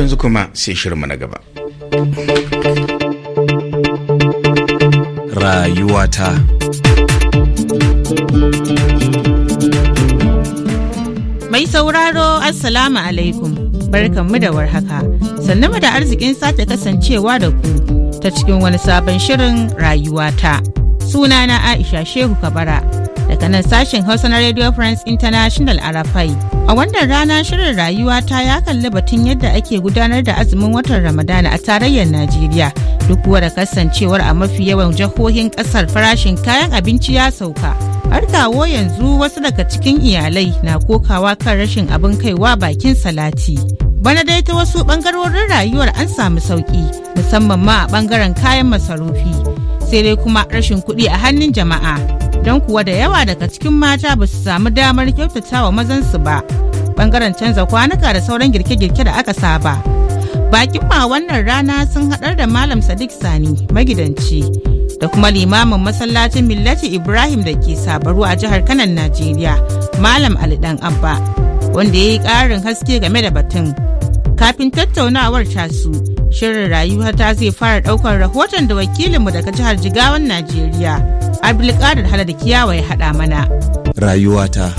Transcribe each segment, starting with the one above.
yanzu kuma sai shirma na gaba. Rayuwata Mai sauraro Assalamu alaikum barkanmu da warhaka sannu da arzikin sake kasancewa da ku ta cikin wani sabon shirin rayuwata sunana Aisha Shehu Kabara daga nan sashen Hausa na Radio France International Arafai. A wannan rana shirin rayuwa ta ya kalli batun yadda ake gudanar da azumin watan Ramadana a tarayyar Najeriya. Duk da kasancewar a mafi yawan jihohin kasar farashin kayan abinci ya sauka. Har kawo yanzu wasu daga cikin iyalai na kokawa kan rashin abin kaiwa bakin salati. Bana dai ta wasu bangarorin rayuwar an samu sauki musamman ma a bangaren kayan masarufi. Sai dai kuma rashin kuɗi a hannun jama'a. don kuwa da yawa daga cikin mata ba su samu damar kyautata wa mazansu ba bangaren canza kwanuka da sauran girke-girke da aka saba bakin ma wannan rana sun haɗar da malam sadiq sani magidanci da kuma limamin masallacin millati ibrahim da ke sabaru a jihar kanan najeriya malam ali dan abba wanda ya yi ƙarin haske game da batun kafin tattaunawar tasu Shirin rayuwa ta zai fara ɗaukar rahoton da wakilinmu daga jihar Jigawan Najeriya, Abdulkadir da Kiyawa ya haɗa mana. Rayuwata.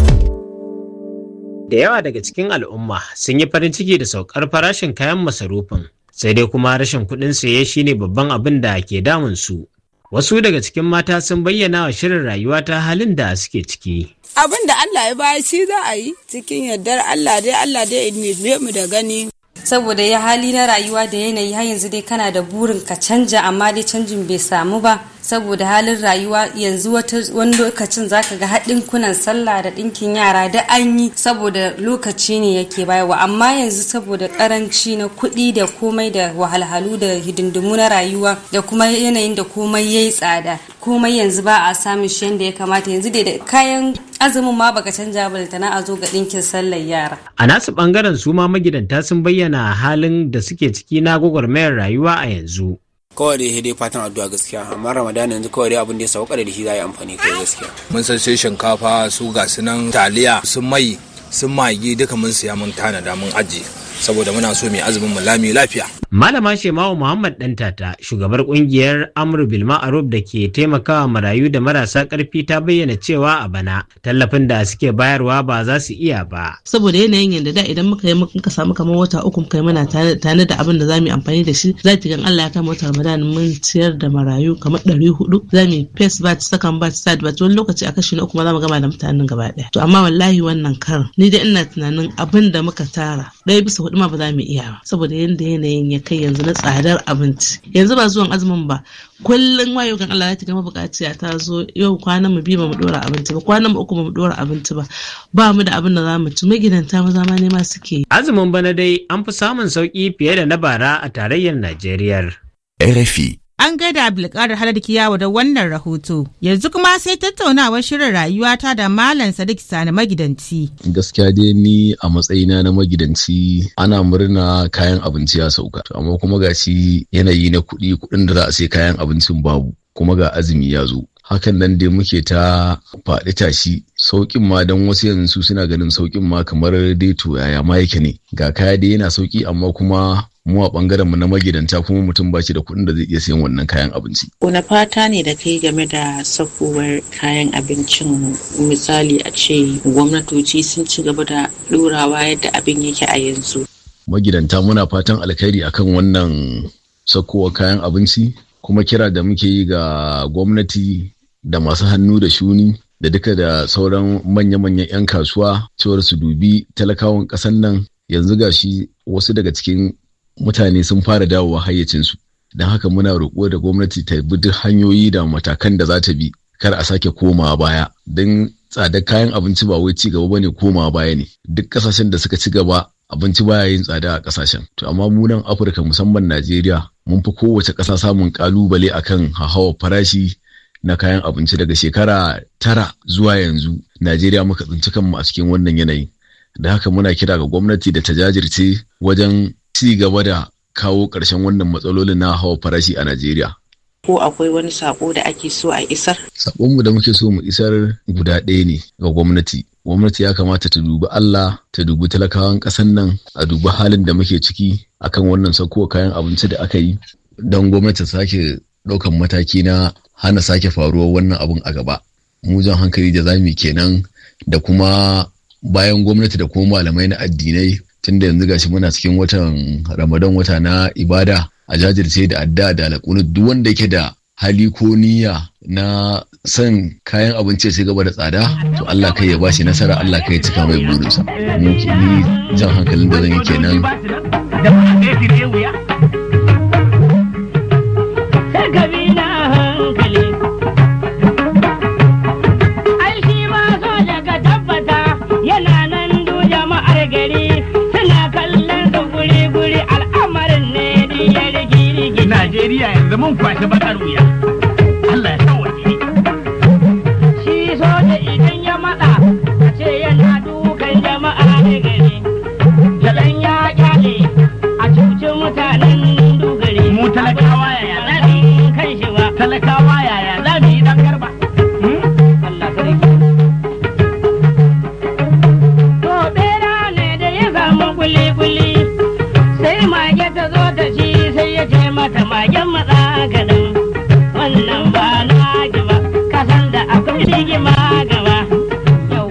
Da yawa daga cikin al'umma sun yi farin ciki da saukar farashin kayan masarufin, sai dai kuma rashin kuɗin saye shine babban abin da ke damun su. Wasu daga cikin mata sun bayyana wa shirin rayuwa ta halin da suke ciki. Abin da Allah ya bayar shi za a yi cikin yardar Allah dai Allah dai ne mu da gani saboda ya hali na rayuwa da yanayi har yanzu dai kana da burin ka canja amma dai canjin bai samu ba saboda halin rayuwa yanzu wata wani lokacin zaka ga haɗin kunan sallah da ɗinkin yara da an yi saboda lokaci ne yake bayarwa amma yanzu saboda karanci na kuɗi da komai da wahalhalu da hidindimu na rayuwa da kuma yanayin da komai ya yi tsada komai yanzu ba a samun shi yadda ya kamata yanzu dai da kayan azumin ma baka canja ba na a zo ga ɗinkin sallar yara. A nasu ɓangaren su ma magidanta sun bayyana halin da suke ciki na gwagwarmayar rayuwa a yanzu kawai dai dai fatan addu'a gaskiya amma ramadan yanzu kawai dai abin da ya sauka da shi za a yi amfani kai gaskiya mun san sai shinkafa su gasunan nan taliya su mai sun magi duka mun siya mun tanada mun ajiye saboda muna so mai azumin mu lafiya malama shemawu muhammad dantata shugabar kungiyar amru bil ma'aruf da ke taimakawa marayu da marasa karfi ta bayyana cewa a bana tallafin da suke bayarwa ba za su iya ba saboda yanayin yadda da idan muka yi muka samu kamar wata uku muka yi mana tare da abin da za mu yi amfani da shi za ta gan Allah ya kama wata Ramadan mun ciyar da marayu kamar ɗari hudu za mu yi first batch second batch third batch wani lokaci a kashi na uku ma za mu gama da mutanen gaba ɗaya to amma wallahi wannan karin ni dai ina tunanin abin da muka tara ɗaya bisa kuɗi ma ba za mu iya ba saboda yadda yanayin ya kai yanzu na tsadar abinci yanzu ba zuwan azumin ba kullum wayo kan Allah ya tiga mabukaciya ta zo yau kwanan mu bi ba mu dora abinci ba kwanan mu uku ba mu dora abinci ba ba mu da abin da za mu ci magidanta ne ma suke azumin bana dai an fi samun sauki fiye da na bara a tarayyar Najeriya RFI An gaida Abdulkadir halarki yawo da wannan rahoto. Yanzu kuma sai tattaunawar shirin rayuwata da Malam Sadiq Sani magidanci. Gaskiya dai ni a matsayina na magidanci ana murna kayan abinci ya sauka. Amma kuma ga shi yanayi na kuɗi kuɗin da za a sai kayan abincin babu. Kuma ga azumi ya zo. hakan nan dai muke ta faɗi tashi sauƙin ma don wasu yanzu suna ganin sauƙin ma kamar dai to yaya ma yake ne ga kaya dai yana sauƙi amma kuma mu a bangaren mu na magidanta kuma mutum ba shi da kuɗin da zai iya siyan wannan kayan abinci. Wani fata ne da kai game da sakowar kayan abincin misali a ce gwamnatoci sun ci gaba da ɗorawa yadda abin yake a yanzu. Magidanta muna fatan alkhairi akan wannan sakowar kayan abinci kuma kira da muke yi ga gwamnati da masu hannu da shuni da duka da sauran manya-manyan 'yan kasuwa cewar su dubi talakawan ƙasan nan yanzu gashi wasu daga cikin mutane sun fara dawowa hayyacinsu don haka muna roƙo da gwamnati ta bi duk hanyoyi da matakan da za ta bi kar a sake komawa baya don tsadar kayan abinci ba wai ci gaba ne komawa baya ne duk kasashen da suka ci gaba abinci baya yin tsada a kasashen to amma mu nan afirka musamman najeriya mun fi kowace ƙasa samun ƙalubale akan hauhawar farashi na kayan abinci daga shekara tara zuwa yanzu najeriya muka tsinci kanmu a cikin wannan yanayin da haka muna kira ga gwamnati da ta jajirce wajen ci gaba da kawo ƙarshen wannan matsalolin na hawa farashi a Najeriya. Ko akwai wani sako da ake so a isar? Sakonmu da muke so mu isar guda ɗaya ne ga gwamnati. Gwamnati ya kamata ta dubi Allah, ta dubi talakawan ƙasar nan, a dubi halin da muke ciki akan wannan sako kayan abinci da aka yi. Don gwamnati ta sake ɗaukan mataki na hana sake faruwar wannan abun a gaba. Mu jan hankali da zami kenan da kuma bayan gwamnati da kuma malamai na addinai tunda yanzu gashi muna cikin watan ramadan wata na ibada a jajirce da adda da alƙunu duk wanda yake da hali ko niyya na san kayan abinci sai gaba da tsada to Allah kai ya bashi nasara Allah kai ya cika mai burinsa ni jan hankalin da zan yi kenan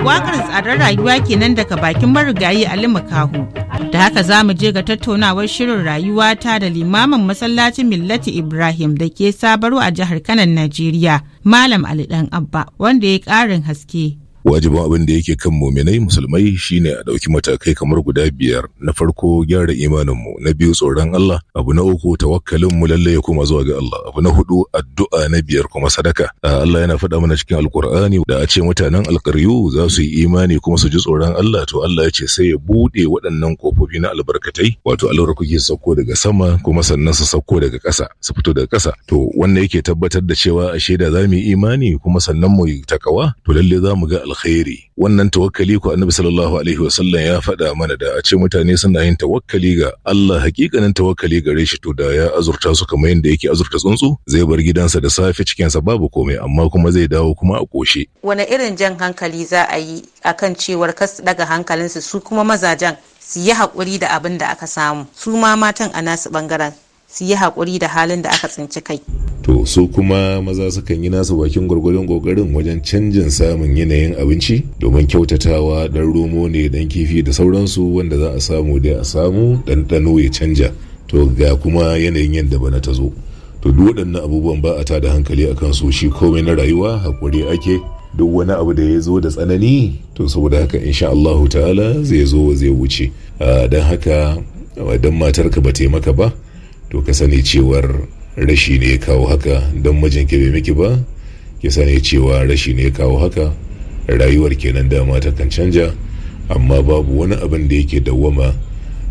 Waƙar tsadar rayuwa kenan daga bakin marigayi Ali Makahu. Da haka za mu je ga tattaunawar shirin rayuwa ta da limamin masallacin Millati Ibrahim da ke sabaro a jihar Kanan Najeriya, Malam Ali ɗan Abba, wanda ya ƙarin haske Wajiban abin da yake kan muminai musulmai shine a ɗauki matakai kamar guda biyar na farko gyara imaninmu na biyu tsoron Allah abu na uku tawakkalin mu lalle ya koma zuwa ga Allah abu na hudu addu'a na biyar kuma sadaka Allah yana faɗa mana cikin alkur'ani da a ce mutanen alkaryu za su yi imani kuma su ji tsoron Allah to Allah ya ce sai ya buɗe waɗannan kofofi na albarkatai wato alwar kuke sauko daga sama kuma sannan su sauko daga ƙasa su fito daga ƙasa to wannan yake tabbatar da cewa ashe da za mu yi imani kuma sannan mu yi takawa to lalle za mu ga alkhairi wannan tawakkali ko annabi sallallahu alaihi wasallam ya faɗa mana da a ce mutane suna yin tawakkali ga Allah hakikanin tawakkali gare shi to da ya azurta su kamar yadda yake azurta tsuntsu zai bar gidansa da safe sa babu komai amma kuma zai dawo kuma a koshe wani irin jan hankali za a yi akan cewar kas daga hankalinsu su kuma mazajen su yi haƙuri da abin da aka samu su ma matan a nasu ɓangaren su yi haƙuri da halin da aka tsinci kai to su kuma maza sukan yi nasu bakin gwargwadon kokarin wajen canjin samun yanayin abinci domin kyautatawa dan romo ne dan kifi da sauransu wanda za a samu da a samu ɗanɗano ya canja to ga kuma yanayin yadda bana ta zo to duk waɗannan abubuwan ba a tada hankali a kansu shi komai na rayuwa hakuri ake duk wani abu da ya zo da tsanani to saboda haka insha Allahu ta'ala zai zo zai wuce don haka matar matarka ba taimaka ba to ka sani cewar rashi ne ya kawo haka don ke bai miki ba ki sani cewa rashi ne ya kawo haka rayuwar kenan dama ta kan canja amma babu wani abin da yake dawwama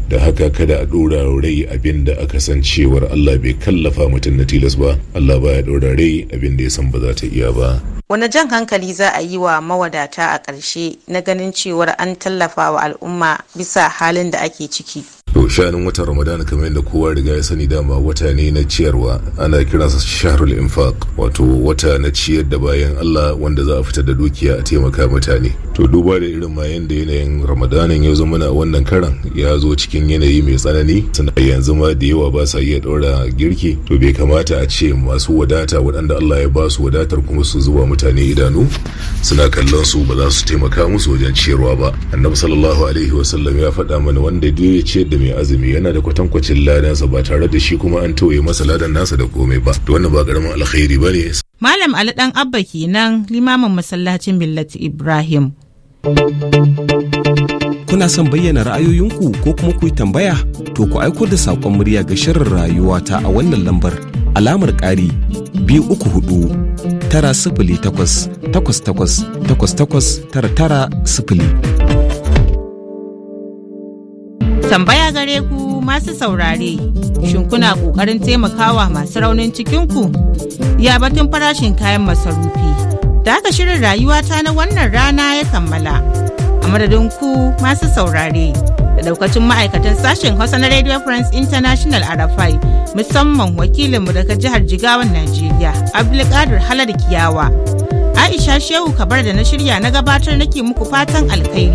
da haka kada a dora rai abin da aka san cewar Allah bai kallafa mutum na tilas ba Allah baya dora rai abin da ya san ba za ta iya ba wani jan hankali za a yi wa mawadata a ƙarshe na ganin cewar an tallafa wa al'umma bisa halin da ake ciki shanun watan ramadana kamar yadda kowa riga ya sani dama wata ne na ciyarwa ana kiransa shahrul infaq wato wata na ciyar da bayan allah wanda za a fitar da dukiya a taimaka mutane to duba da irin ma yanda yanayin ramadanin ya zama na wannan karan ya zo cikin yanayi mai tsanani suna yanzu ma da yawa ba sa iya ɗora girki to bai kamata a ce masu wadata waɗanda allah ya ba su wadatar kuma su zuba mutane idanu suna kallon su ba za su taimaka musu wajen ciyarwa ba annabi sallallahu alaihi wasallam ya faɗa mana wanda duk ya ciyar da mai azumi yana da kwatankwacin ladansa ba tare da shi kuma an tauye masa ladan nasa da komai ba to wannan ba karamin alkhairi ba ne. malam ali dan abba kenan limamin masallacin millati ibrahim. kuna son bayyana ra'ayoyinku ko kuma ku tambaya to ku aiko da saƙon murya ga shirin rayuwa ta a wannan lambar alamar ƙari biyu uku hudu tara sifili takwas takwas takwas takwas takwas tara tara sifili. Tambaya gare ku masu saurare, shin kuna ƙoƙarin taimakawa masu raunin cikinku? Ya batun farashin kayan masarufi. Da haka shirin rayuwata na wannan rana ya kammala. A madadin ku masu saurare, da daukacin ma'aikatan sashen Hausa na Radio France International rafai, musamman wakilinmu daga jihar Jigawan Najeriya, Abdulkadir Halar Kiyawa. Aisha Shehu Kabar da na shirya na gabatar nake muku fatan alkhairi.